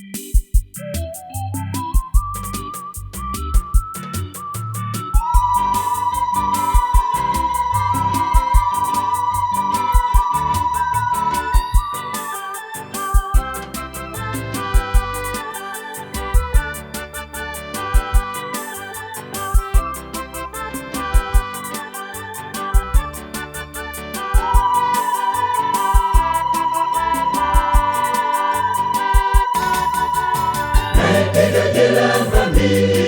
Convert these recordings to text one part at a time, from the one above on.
thank you Ele é de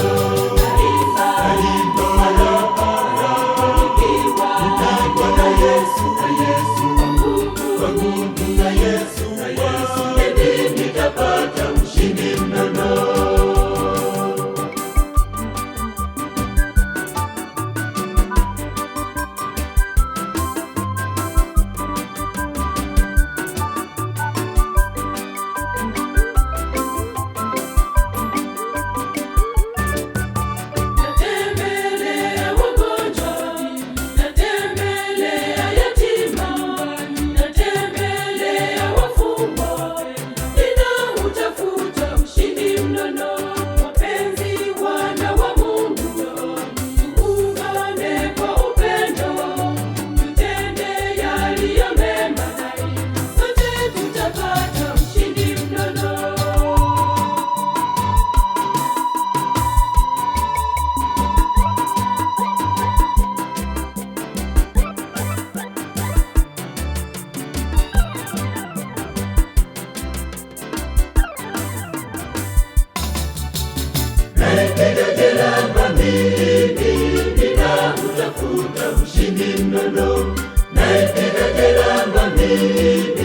iminono the teranga mimi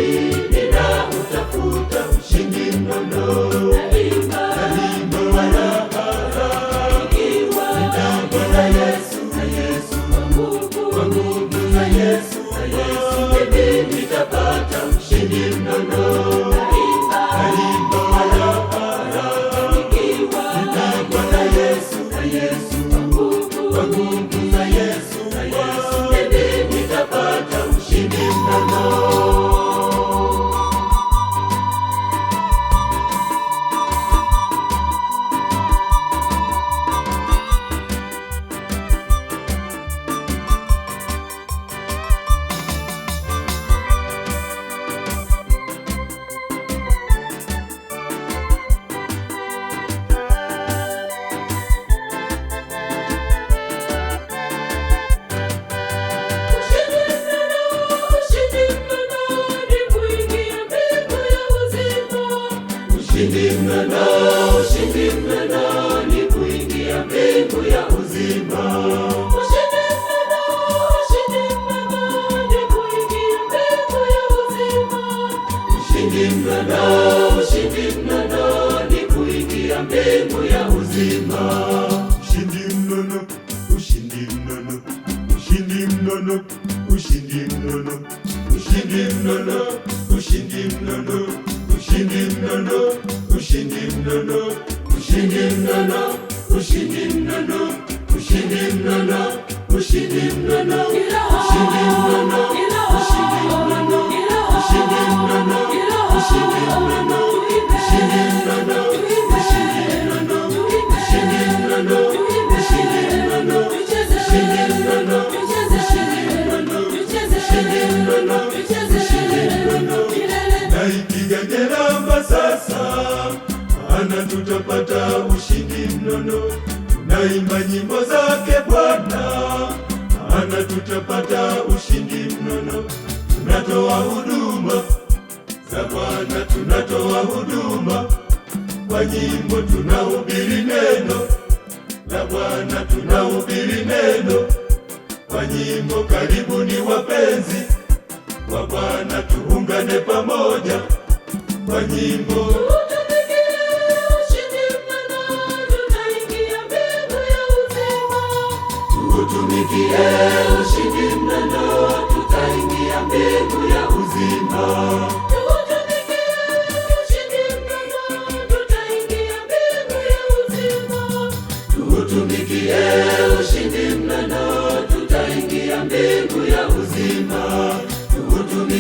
ushindi mnana, ushindi mnana ni kuingia mbingu ya uzima. Ushindi mnana, ushindi mnana ni kuingia mbingu ya uzima. Ushindi mnana, ushindi mnana ni kuingia mbingu ya uzima. Ushindi mnana, ushindi mnana, ushindi mnana, ushindi mnana, ushindi mnana, ushindi mnana ushindi mnono, ushindi mnono, ushindi mnono, ushindi mnono, ushindi mnono, ushindi mnono, ushindi mnono tunu, naimba nyimbo zake Bwana, maana tutapata ushindi mnono. Tunatoa huduma za Bwana, tunatoa huduma kwa nyimbo, tunahubiri neno la Bwana, tunahubiri neno kwa nyimbo. Karibuni wapenzi wa Bwana, tuungane pamoja kwa nyimbo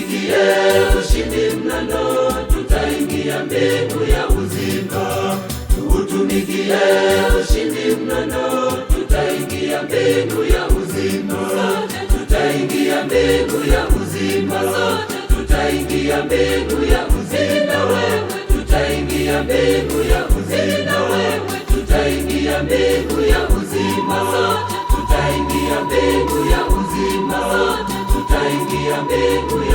tufikie ushindi mnano, tutaingia mbingu ya uzima. Tuutumikie ushindi mnano, tutaingia mbingu ya uzima, tutaingia mbingu ya uzima, tutaingia mbingu ya uzima, tutaingia mbingu ya uzima, tutaingia mbingu ya uzima, tutaingia mbingu ya uzima, tutaingia mbingu ya uzima.